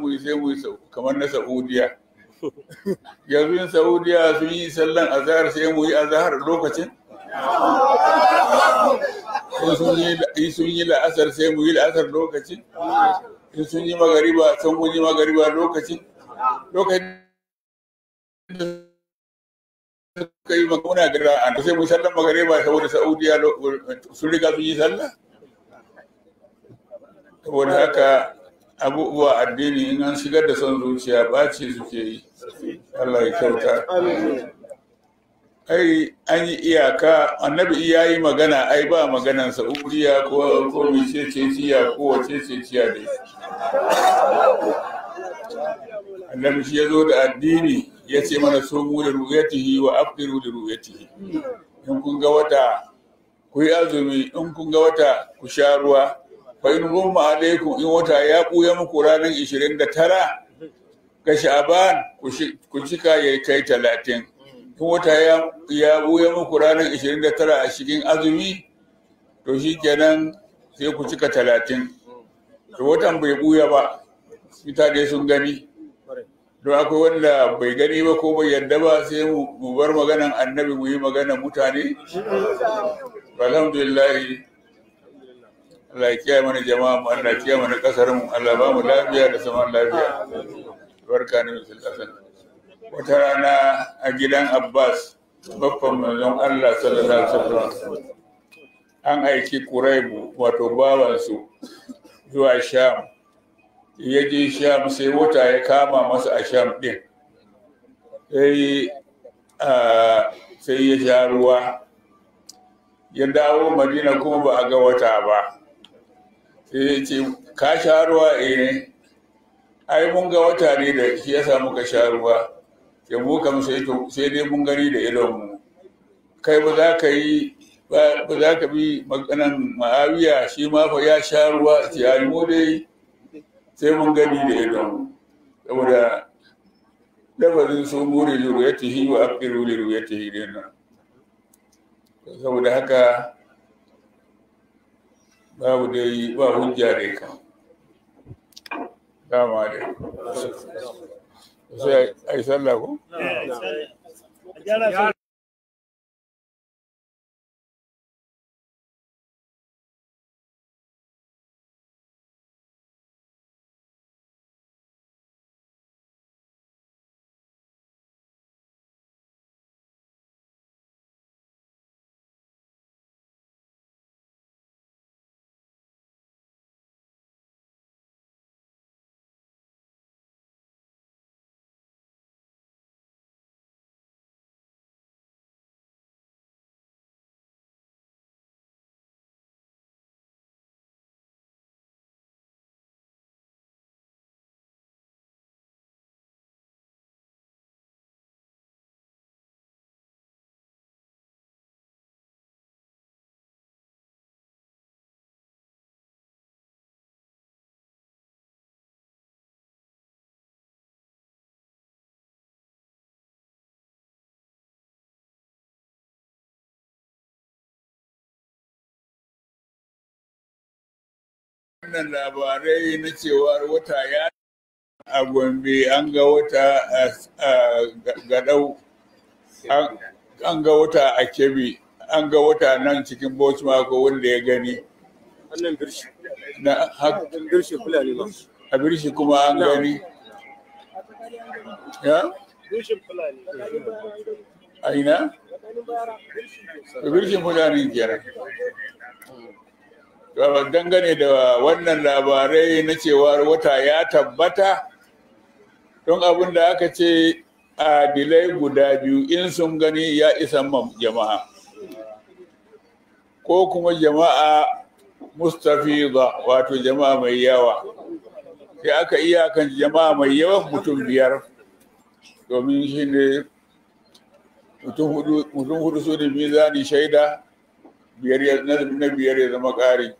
mu yi sai mu yi kamar na saudiya yanzu yin saudiya sun yi sallan azahar sai mu yi azahar lokacin in sun yi la'asar sai mu yi la'asar lokacin in sun yi magariba sun mun yi magariba lokacin lokacin da suka yi magana gara a sai mu sallan magariba saboda saudiya sun riga sun yi sallah saboda haka abubuwa addini in an shigar da son zuciya ɓaci suke yi Allah ya kyauta ai an yi iyaka annabi ya yi magana ai ba maganansa uriya ko ko mice ce ciya ko wace ce ciya yi. annabi shi ya zo da addini ya ce mana mu da ru'yatihi wa afdiru da ru'yatihi in kun wata ku yi azumi in kun ga wata ku sha ruwa fa in alaikum in wata ya buya muku ranar 29 ga sha'aban ku cika ya kai talatin. in wata ya buya muku ranar 29 a cikin azumi to shi kenan sai ku cika talatin. to watan bai buya ba mutane sun gani don akwai wanda bai gani ba ko bai yarda ba sai mu bar maganan annabi mu yi maganan mutane alhamdulillah Allah ya kiyaye mana jama'a mu Allah ya kiyaye mana kasar mu Allah ba mu lafiya da zaman lafiya barka ne musul hasan wata rana a gidan Abbas babban manzon Allah sallallahu alaihi wasallam an aiki Quraibu wato bawansu zuwa Sham ya je Sham sai wata ya kama masa a Sham din sai sai ya sha ruwa ya dawo madina kuma ba a ga wata ba Eh, ce ka sha ruwa eh ai mun ga wata ne da shi ya samu ka sha ruwa ke mu kam sai sai dai mun gani da idon mu kai ba za ka yi ba za ka bi maganan ma'awiya shi ma fa ya sha ruwa Ai mu dai sai mun gani da idon mu saboda lafazin su muri luruyatihi wa aqiru luruyatihi dinna saboda haka babu dai ba hujja dai kan dama dai sai a yi sallah ko? Eh, wannan labarai na cewar wata ya a gombe an ga wata a gadau an ga wata a kebe an ga wata nan cikin bauchi mako wanda ya gani a birshi kuma an gani ya birshin fulani a ina birshin fulani kenan Eh, dangane da wannan labarai na cewar wata ya tabbata don abin da aka ce a adilai guda biyu in sun gani ya isa jama'a ko kuma jama'a ba wato jama'a mai yawa sai aka iya kan jama'a mai yawan mutum biyar domin shi ne mutum hudu su ne mizani shaida na biyar ya zama ƙari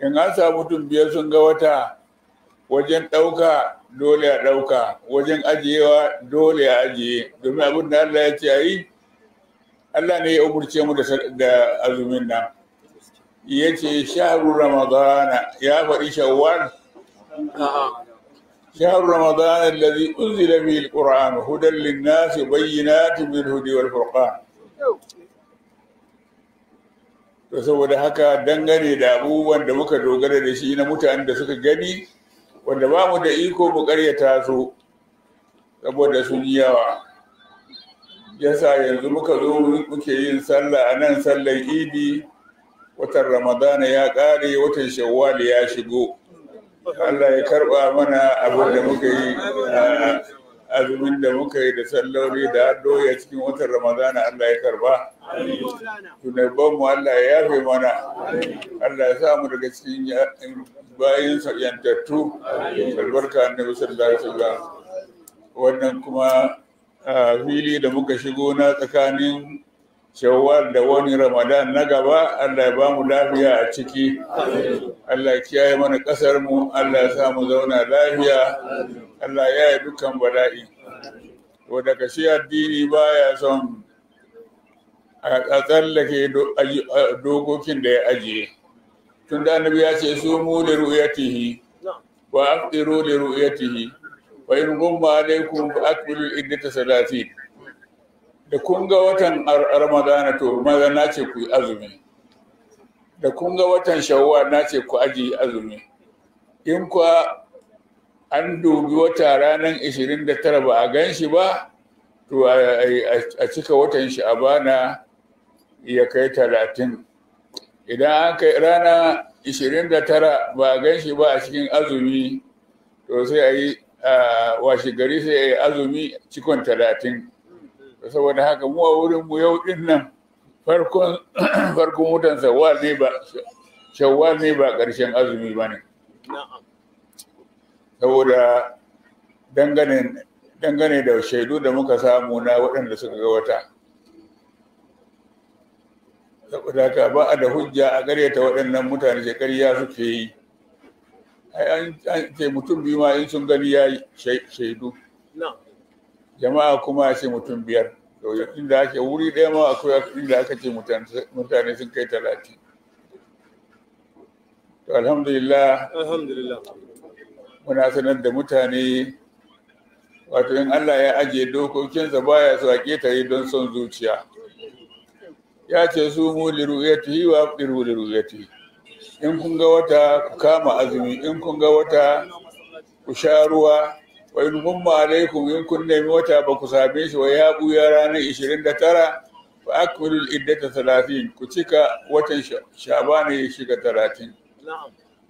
in an sa mutum biyar sun ga wata wajen ɗauka dole a ɗauka wajen ajiyewa dole a ajiye domin abin da Allah ya ce a yi Allah ne ya umurce mu da azumin nan ya ce shaharu ramadana ya faɗi shawwal شهر رمضان الذي أنزل فيه القرآن هدى للناس بينات من الهدى والفرقان to saboda haka dangane da abubuwan da muka dogara da shi na mutanen da suka gani wanda ba mu da iko mu karyata su saboda sun yi yawa yasa yanzu muka zo muke yin sallah a nan sallar idi watan ramadana ya ƙare watan shawwal ya shigo Allah ya karɓa mana abin da muka yi azumin da muka yi da salloli da doya cikin watan ramadana Allah ya karba tunaibon mu Allah ya yafe mana Allah ya samu daga cikin bayan yantattu albarka annabi sallallahu alaihi wasallam wannan kuma fili da muka shigo na tsakanin shawwal da wani ramadan na gaba allah ya ba mu lafiya a ciki allah ya kiyaye mana kasar mu allah ya sa mu zauna lafiya allah ya yi dukkan bala'i to daga shi addini ba ya son a tsallake dokokin da ya ajiye tun da annabi ya ce su mu da ru'yatihi wa aqdiru li ru'yatihi wa in gumma alaikum fa akmilu salatin da kun ga watan ramadana to maza na ce ku yi azumi da kun ga watan shawwa na ce ku aji azumi in kuwa an dubi wata ranar 29 ba a gan shi ba to a cika watan shi a bana ya kai 30 idan an kai rana 29 ba a gan shi ba a cikin azumi to sai a yi washe gari sai a yi azumi cikon 30 saboda haka mu a wurin mu yau din nan farkon farkon shawwal ne ba shawwal ne ba ƙarshen azumi ba ne saboda dangane dangane da shaidu da muka samu na waɗanda suka ga wata saboda ka ba a da hujja a gareta waɗannan mutane shekariya suke yi an ce mutum biyu ma in sun gani ya yi shaidu jama'a kuma ce mutum biyar ɗin da ake wuri ɗaya ma akwai da aka ce mutane sun kai talatin. To alhamdulillah. Muna sanar da mutane wato in Allah ya ajiye dokokinsa baya su a ƙetare don son zuciya. Ya ce su mu liruyatihi wa ɗiru liruyatihi. In kun ga wata ku kama azumi, in kun ga wata ku sha ruwa wai lumumma alaikum in kun nemi wata ba ku same shi wai ya buya ranar 29 fa akmilul iddata talatin ku cika watan shabana ya shiga talatin.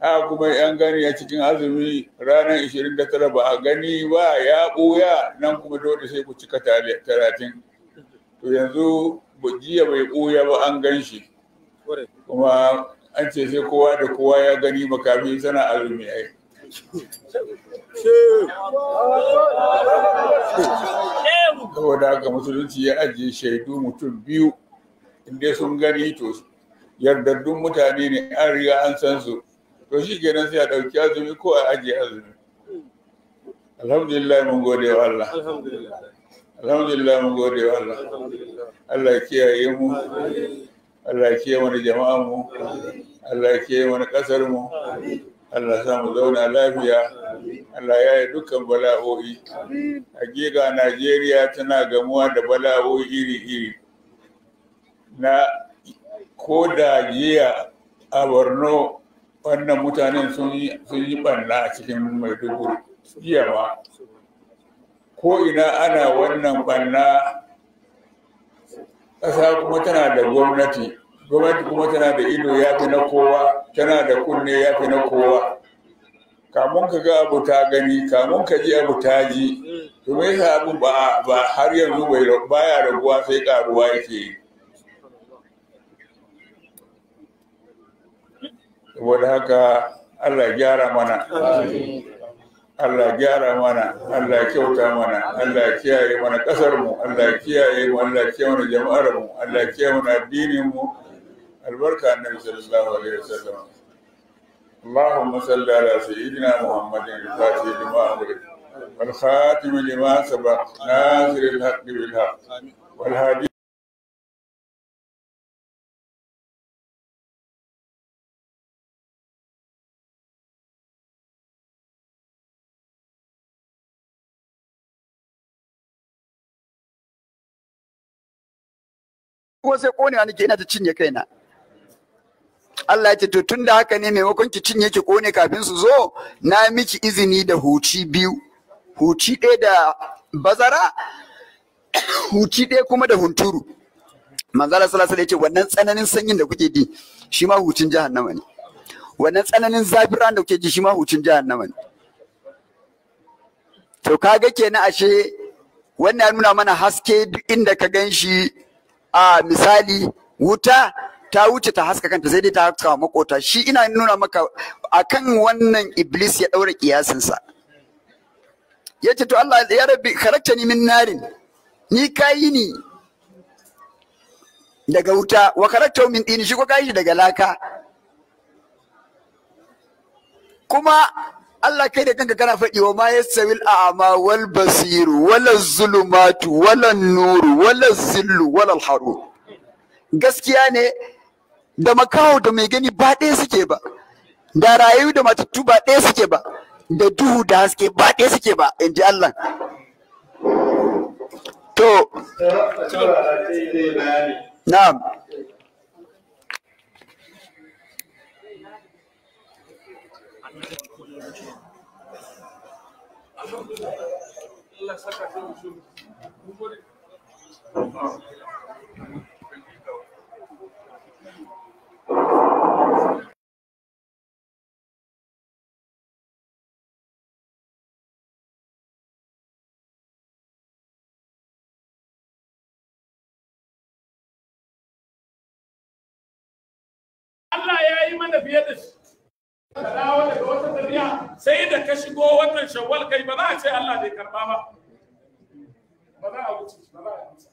ha kuma yan gani a cikin azumi ranar tara ba a gani ba ya buya nan kuma dole sai ku cika talatin. to yanzu jiya bai buya ba an gan shi kuma an ce sai kowa da kowa ya gani makamin sana azumi ai saboda haka musulunci ya ajiye shaidu mutum biyu inda sun gani to yardaddun mutane ne an riga an san su to shi kenan sai a ɗauki azumi ko a ajiye azumi alhamdulillah mun gode wa Allah alhamdulillah mun gode wa Allah Allah ya kiyaye mu Allah ya kiyaye mana jama'a mu Allah ya kiyaye mana kasar mu Allah za mu zauna lafiya Allah ya yi dukkan bala'o'i hakika Najeriya tana gamuwa da bala'o'i iri-iri na ko da jiya a Borno wannan mutanen sun yi banna a cikin Maiduguri jiya ma ko ina ana wannan ɓanna ƙasa kuma tana da gwamnati gwamnati kuma tana da ido ya fi na kowa tana da kunne ya fi na kowa kamun ka ga abu ta gani kamun ka ji abu ta ji to me yasa abu ba ba har yanzu bai baya raguwa sai karuwa yake yi saboda haka Allah gyara mana Allah gyara mana Allah kyauta mana Allah kiyaye mana kasar mu Allah kiyaye mu Allah kiyaye mana jama'ar mu Allah kiyaye mana addinin mu albarka annabi sallallahu alaihi wasallam اللهم صل على سيدنا محمد الفاتح لما أغلق والخاتم لما سبق ناصر الحق بالحق والهادي ko sai kone ke ina ta cinye kaina Allah ya ce to tunda haka ne maimakon ki cinye ki kone kafin su zo na miki izini da huci biyu huci ɗaya da bazara huci ɗaya kuma da hunturu manzala sallallahu alaihi wasallam wannan tsananin sanyin da kuke ji shi ma hucin jahannama ne wannan tsananin zafin ran da kuke ji shi ma hucin jahannama ne to kaga kenan ashe wannan ya nuna mana haske duk inda ka gan shi a misali wuta ta wuce ta haska kanta sai dai ta haska makota shi ina nuna maka akan wannan iblis ya daura kiyasinsa ya ce to Allah ya rabbi karaktani min narin ni kayi ni daga wuta wa karakta min dini shi ko kayi daga laka kuma Allah kai da kanka kana faɗi wa ma yasawil a'ma wal basiru wala zulumatu wala nuru wal zillu wal haru gaskiya ne da makaho da mai gani ba ɗaya suke ba da rayu da matattu ba ɗaya suke ba da duhu da haske ba ɗaya suke ba in ji Allah to na'am Allah saka Allah ya yi mana fiye da shi ka dawo daga wata tafiya sai da ka shigo wannan shawwal kai ba za a ce Allah bai karba ba ba za a wuce ba za a wuce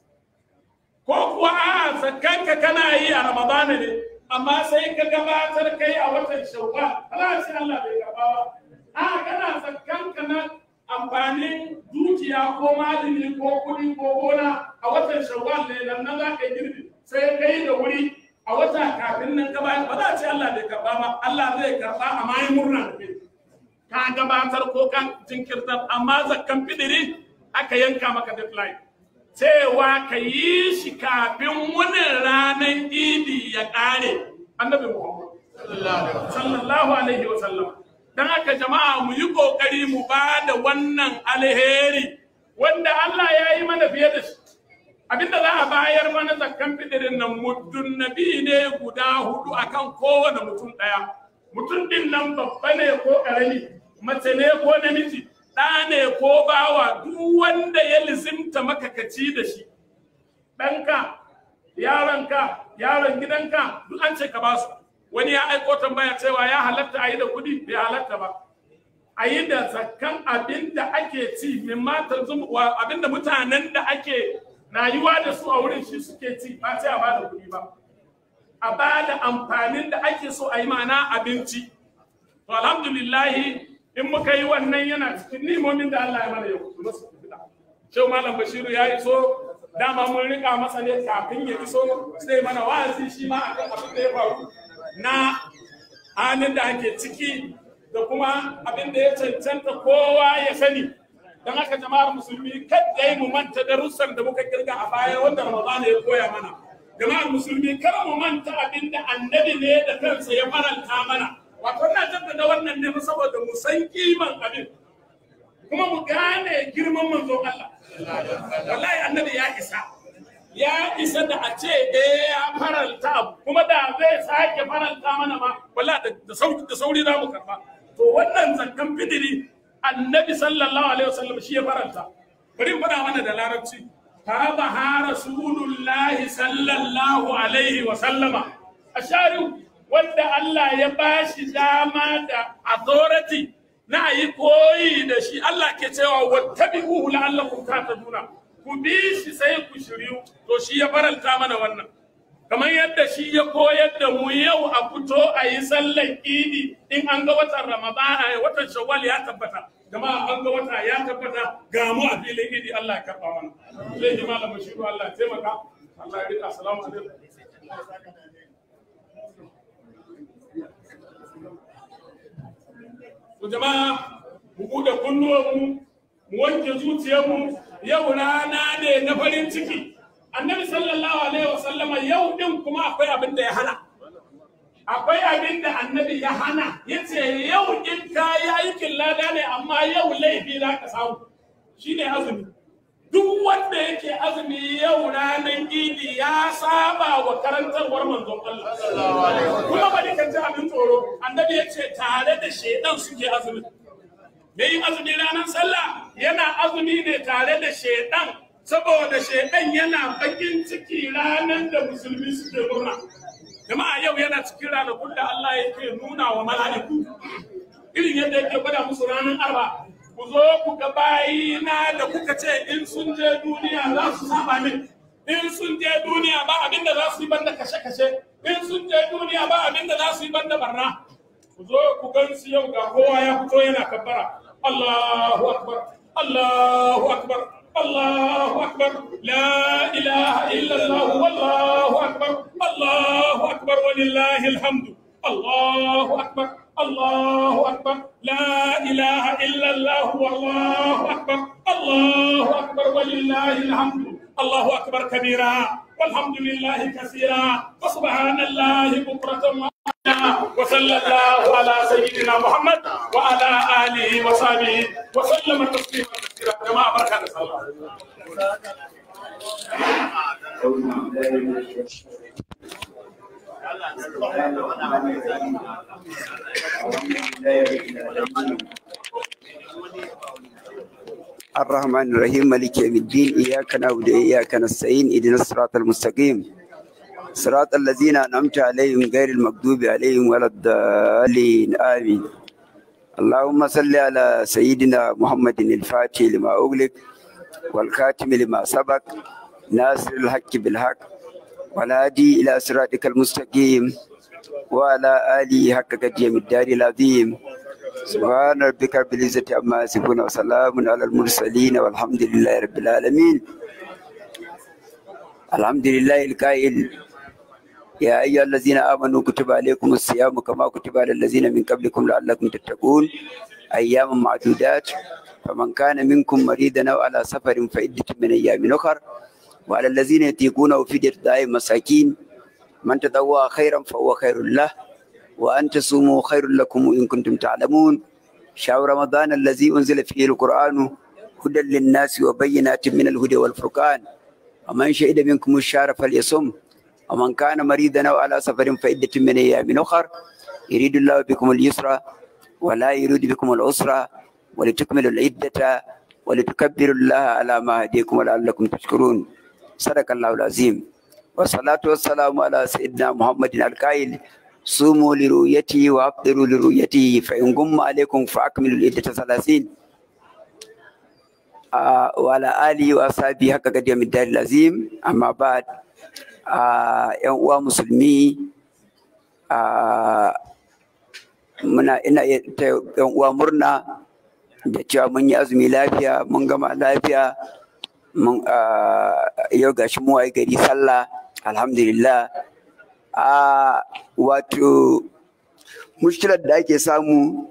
ko kuwa a zakkanka kana yi a ramadana ne amma sai ka gabatar kai a watan shawwal ba za a ce Allah bai karba ba a kana zakkanka na amfani dukiya ko malami ko kuɗi ko gona a watan shawwal ne nan za ka girbi sai kai da wuri a wata kafin nan ka bayan ba za a ce Allah bai karba ba Allah zai karba a mayin murna da ka gabatar ko kan jinkirtar amma zakkan fidiri aka yanka maka deadline cewa ka yi shi kafin wani ranar idi ya kare annabi Muhammad sallallahu alaihi wa sallam dan haka jama'a mu yi kokari mu ba da wannan alheri wanda Allah ya yi mana fiye da shi Abin da za a bayar mana zakkan bidirin nan muddun nabi ne guda hudu akan kowane mutum daya mutum din nan babba ne ko karami mace ne ko namiji ɗa ne ko bawa duk wanda ya lizimta maka kaci da shi ɗanka yaronka yaron gidanka duk an ce ka ba su wani ya aiko tambaya cewa ya halatta a yi da kuɗi bai halatta ba a yi da zakkan abin da ake ci min matan abin da mutanen da ake rayuwa da su a wurin shi suke ci ba sai a bada kuɗi ba a bada amfanin da ake so a yi ma'ana abinci to alhamdulillahi in muka yi wannan yana cikin nimomin da Allah ya mana yau kuma su fita shehu malam bashiru ya iso dama mun rika masa ne kafin ya iso sai mana wa'azi shi ma akan abin da ya faru na halin da ake ciki da kuma abin da ya cancanta kowa ya sani don haka jama'ar musulmi kada yi mu manta darussan da muka kirga a baya wanda Ramadan ya koya mana jama'ar musulmi kar mu manta abin da annabi ne da kansa ya faranta mana wato ina jaddada wannan ne saboda mu san kiman abin kuma mu gane girman manzon Allah wallahi annabi ya isa ya isa da a ce eh ya faranta abu kuma da zai sake faranta mana ma wallahi da sauri da sauri za mu karba to wannan zankan bidiri annabi sallallahu alaihi wasallam shi ya faranta bari in faɗa mana da larabci tabaha rasulullahi sallallahu alaihi wasallama a shari'u wanda Allah ya bashi dama da authority na yi koyi da shi Allah ke cewa wattabi'uhu la'allakum tahtaduna ku bi shi sai ku shiryu to shi ya faranta mana wannan kamar yadda shi ya koyar da mu yau a fito a yi sallan idi in an ga watan ramadana watan shawwal ya tabbata jama'a an ga wata ya tabbata ga mu a filin idi Allah ya karɓa mana zai ji malam bashiru Allah ya taimaka Allah ya rika assalamu alaikum to jama'a mu bude kunnuwanmu mu wanke zuciyarmu yau rana ne na farin ciki annabi sallallahu alaihi wasallama yau din kuma akwai abin da ya hana akwai abin da annabi ya hana yace lada ne amma yau laifi za ka samu ne azumi duk wanda yake azumi yau ranar idi ya saba wa karantarwar manzon Allah kuma ba kan ji abin tsoro annabi ya ce tare da shaidan suke azumi me yin azumi ranar sallah yana azumi ne tare da shedan saboda shedan yana bakin ciki ranar da musulmi suke murna jama'a yau yana cikin ranakun da Allah yake nuna wa mala'iku irin yadda yake gwada musu ranar arba ku zo ku ga bayina da kuka ce in sun je duniya za su saba min in sun je duniya ba abin da za su yi banda kashe-kashe in sun je duniya ba abin da za su yi banda barna ku zo ku gan su yau ga kowa ya fito yana kabbara Allahu akbar Allahu akbar Allahu akbar la ilaha illa illallah wallahu akbar Allahu akbar walillahi alhamdu Allahu akbar الله أكبر لا إله إلا الله والله أكبر الله أكبر ولله الحمد الله أكبر كبيرا والحمد لله كثيرا وسبحان الله بكرة وصلى الله على سيدنا محمد وعلى آله وصحبه وسلم تسليما كثيرا كما بركة الله أعوذ بالله الرحمن الرحيم مالك يوم الدين إياك نعبد وإياك نستعين اهدنا الصراط المستقيم صراط الذين أنعمت عليهم غير المغضوب عليهم ولا الضالين آمين اللهم صل على سيدنا محمد الفاتح لما أغلق والخاتم لما سبق ناصر الحق بالحق والهادي إلى صراطك المستقيم وعلى آله حق قديم الدار العظيم سبحان ربك رب العزة عما يصفون وسلام على المرسلين والحمد لله رب العالمين الحمد لله القائل يا أيها الذين آمنوا كتب عليكم الصيام كما كتب على الذين من قبلكم لعلكم تتقون أياما معدودات فمن كان منكم مريضا أو على سفر فعدة من أيام أخر وعلى الذين يتيقونه دير دائم مساكين من تدوى خيرا فهو خير له وأن تصوموا خير لكم إن كنتم تعلمون شهر رمضان الذي أنزل فيه القرآن هدى للناس وبينات من الهدى والفرقان ومن شهد منكم الشهر فليصم ومن كان مريضا أو على سفر فعدة من أيام أخر يريد الله بكم اليسر ولا يريد بكم العسر ولتكملوا العدة ولتكبروا الله على ما هديكم ولعلكم تشكرون sadaqallahu alazim wassalatu wassalamu ala sayyidina muhammadin alqail sumu li ru'yati wa afdiru li ru'yati fa in gumma alaikum fa akmilu iddata salasin wa ala alihi haka gadi min yan uwa musulmi muna ina ta yan uwa murna da cewa mun yi azumi lafiya mun gama lafiya yau gashi mu ai gari sallah alhamdulillah a wato mushkilar da ake samu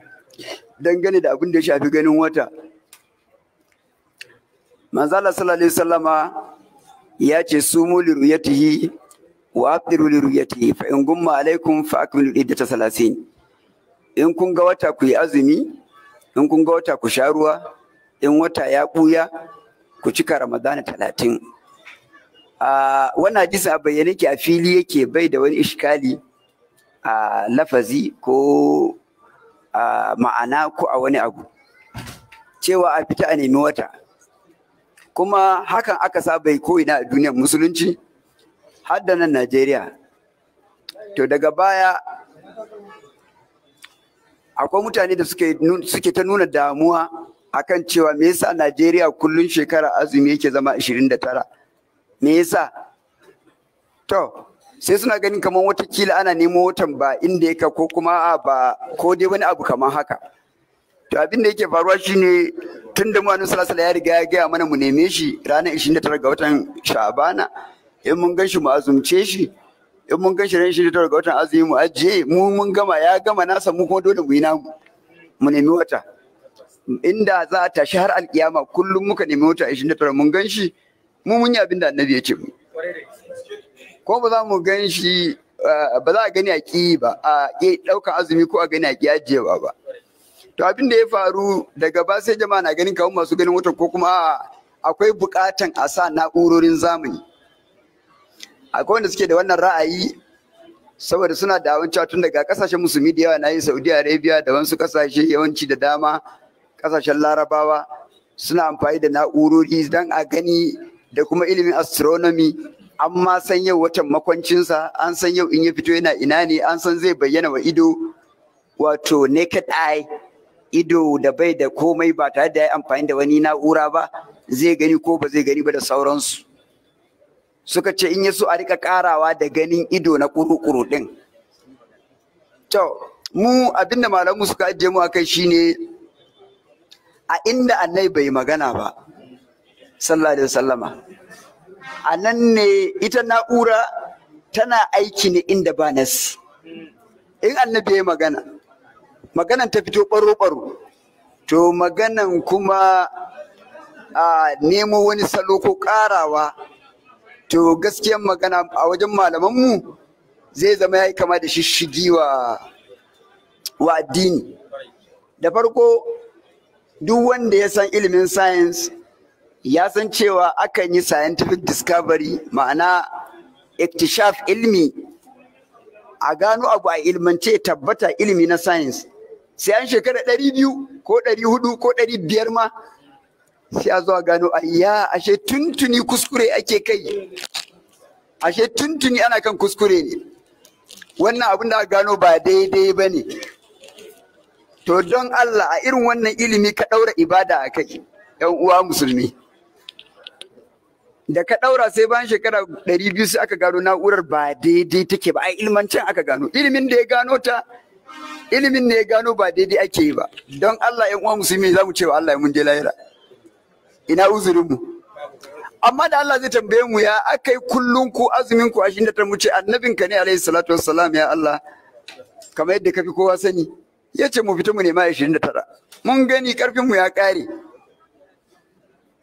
dangane da abin da ya shafi ganin wata manzala sallallahu alaihi wasallama ya ce sumu li ru'yatihi wa afdiru li ru'yatihi fa in gumma alaikum fa akmilu ta salasin in kun ga wata ku yi azumi in kun ga wata ku sha ruwa in wata ya buya ku cika ramadana talatin wannan hadisin a bayyane ke a fili yake bai da wani ishkali a lafazi ko a ma'ana ko a wani abu cewa a fita a nemi wata kuma hakan aka saba ko ina a duniyar musulunci har da nan najeriya to daga baya akwai mutane da suke ta nuna damuwa akan cewa me yasa Najeriya kullun shekara azumi yake zama 29 me yasa to sai suna ganin kamar watakila ana nemo watan ba inda yake ko kuma a ba ko dai wani abu kamar haka to abin da yake faruwa shine tun da muhammadu sallallahu ya riga ya gaya mana mu neme shi ranar 29 ga watan Shabana, in mun gan shi mu azumce shi in mun gan shi ranar 29 ga watan azumi mu ajiye mu mun gama ya gama nasa mu kuma dole mu yi namu mu nemi wata inda za a tashi har alkiyama kullum muka nemi wata tara. mun gan shi mu mun yi abin da annabi ya ce mu ko ba za mu gan shi ah, ba za a gani a ƙi ba a ɗauka azumi ko a gani a ƙi ajiyewa ba to abin da ya faru daga ba sai jama'a na ganin kawo masu ganin watan ko kuma ah, akwai buƙatan a sa na'urorin zamani akwai wanda suke da wannan ra'ayi saboda suna da cewa tun daga kasashen musulmi da yawa na yi saudi arabia da wasu kasashe yawanci da dama kasashen larabawa suna amfani da na'urori don a gani da kuma ilimin astronomy an san yau watan makwancinsa an san yau in ya fito yana ina ne an san zai bayyana wa ido wato naked eye ido da bai da komai ba tare da ya amfani da wani na'ura ba zai gani ko ba zai gani ba da sauransu suka ce in ya so a rika karawa da ganin ido na kuru-kuru din to mu abinda malamu suka ajiye mu akai shine a inda annai bai magana ba sallallahu Sallama, a nan ne ita na'ura tana aiki ne inda ba nasi in annabi ya magana maganan ta fito baro-baro to maganan kuma a nemo wani salo ko ƙarawa, to gaskiyan magana a wajen malamanmu zai zama ya yi kama da shishigi wa addini da farko duk wanda ya san ilimin science ya san cewa akan yi scientific discovery ma'ana iktishaf ilmi a gano abu a ilmance tabbata ilimi na science sai an shekara ɗari biyu ko ɗari hudu ko ɗari biyar ma sai a zuwa gano ya ashe tuntuni kuskure ake kai ashe tuntuni ana kan kuskure ne wannan abin da aka gano ba daidai ba ne to don Allah a irin wannan ilimi ka ɗaura ibada a kai ‘yan uwa musulmi da ka ɗaura sai bayan shekara ɗari biyu sai aka gano na'urar ba daidai take ba a ilmancin aka gano ilimin da ya gano ta ilimin ne ya gano ba daidai ake yi ba don Allah ‘yan uwa musulmi za mu ce wa Allah mun je lahira ina uzurin mu? amma da Allah zai tambaye mu ya akai kullun ku azumin ku a shi da ta mu ce annabinka ne alaihi salatu wassalam ya Allah kamar yadda kafi kowa sani ya ce mu fita mu nema 29 mun gani karfinmu ya kare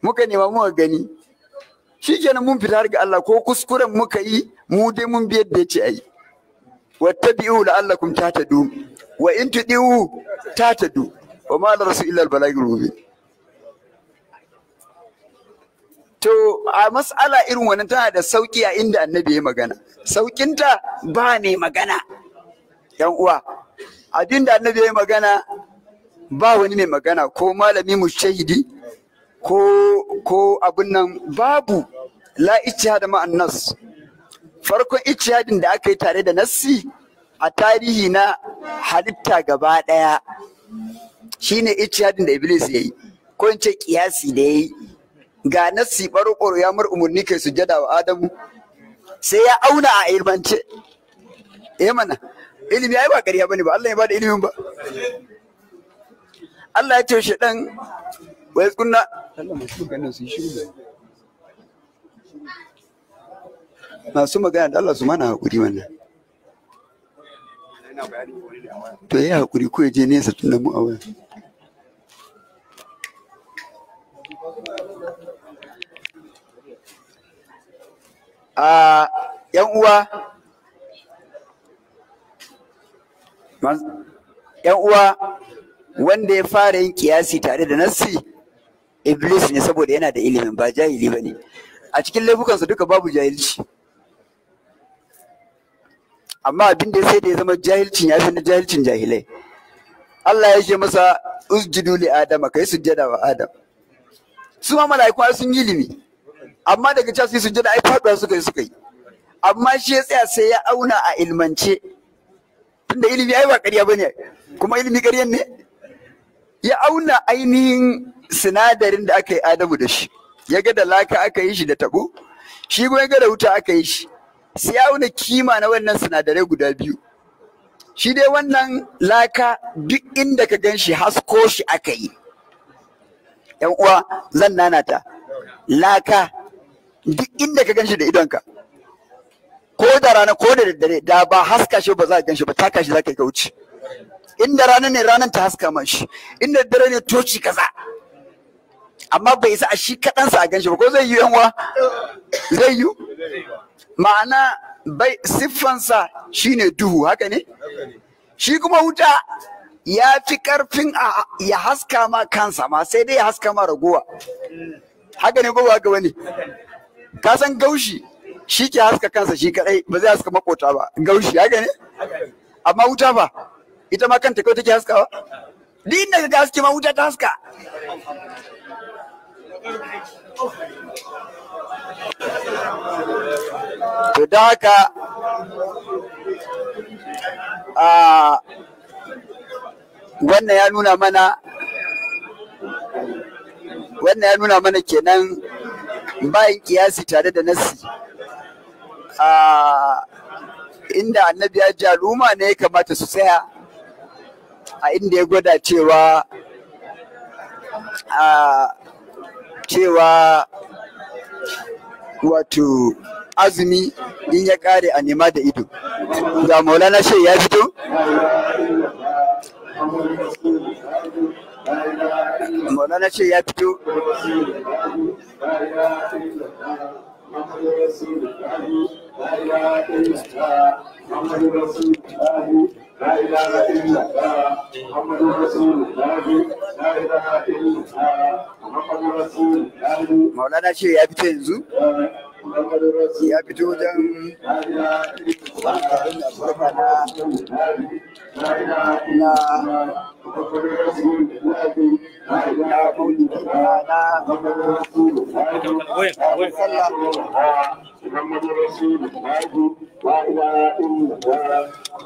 muka nema muka gani shi kenan mun fita har ga Allah ko kuskuren muka yi mu dai mun biyar da ya ce a yi wattabi'u la'allakum tahtadu wa in tudiu tahtadu wa ma la rasul illa al-balagul to a mas'ala irin wannan tana da sauki a inda annabi ya magana saukinta ba ne magana yan uwa abinda annabi ya yi magana ba wani mai magana ko malami mu shahidi ko ko abin nan babu la ijtihad ma annas farkon ijtihadin da aka yi tare da nassi a tarihi na halitta gaba daya shine ijtihadin da iblis yayi ko in ce kiyasi da yayi ga nassi barƙoro ya mar umarni kai sujada wa adamu sai ya auna a ilmance eh mana ilimi ai ba ƙarya bane ba Allah ya bada ilimin ba Allah ya ce shi dan wai kunna Allah su ganin su shiru masu magana da Allah su mana hakuri wannan to ya hakuri ko je nesa tun da mu a waya a ah, yan uwa ‘Yan uwa wanda ya fara yin kiyasi tare da nassi Iblis ne saboda yana da ilimin ba jahili ba ne. A cikin laifukansa duka babu jahilci. Amma abin da ya sai da ya zama jahilcin ya fi na jahilcin jahilai. Allah ya ce masa usjudu li Adama kai sujjada wa Adam. Su ma mala'iku sun yi ilimi. Amma daga cewa su yi sujjada ai faɗuwa suka yi suka yi. Amma shi ya tsaya sai ya auna a ilmance. tunda ilimi ai ba ƙarya bane kuma ilimi ƙaryan ne ya auna ainihin sinadarin da aka yi Adamu da shi ya ga da laka aka yi shi da tabo shi kuma ya ga da wuta aka yi shi sai ya auna kima na wannan sinadarai guda biyu shi dai wannan laka duk inda ka gan shi hasko shi aka yi ‘yan uwa zan nanata laka duk inda ka gan shi da idonka ko da rana ko da daddare da ba haska shi ba za ka gan shi ba taka shi za ka wuce inda rana ne ranar ta haska man shi inda daddare ne toci kaza amma bai isa a shi kaɗansa a ganshi ba ko zai yi yanwa zai yi ma'ana bai siffansa shine duhu haka ne shi kuma wuta ya fi ƙarfin ya haska ma kansa ma sai dai ya haska ma ragowa haka ne ko ba haka wani? ka san gaushi shi ke haska kansa shi kadai ba zai haska makota ba gaushi ya gane amma wuta fa ita ma kanta kawai take haskawa duk inda ga haske ma wuta ta haska to da haka a wannan ya nuna mana wannan ya nuna mana kenan bayan kiyasi tare da nassi inda annabi ya ji al'umma ne ya kamata su tsaya a inda ya gwada cewa cewa wato azumi in ya kare a nema da ido ga maulana shi ya fito maulana ya fito Maulana ce ya fito yanzu? Ya fito wajen Muhammadu Rasulullahi wa ala ummihi Muhammadu Rasulullahi wa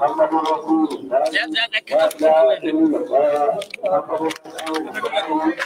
ala ummihi Jangan naik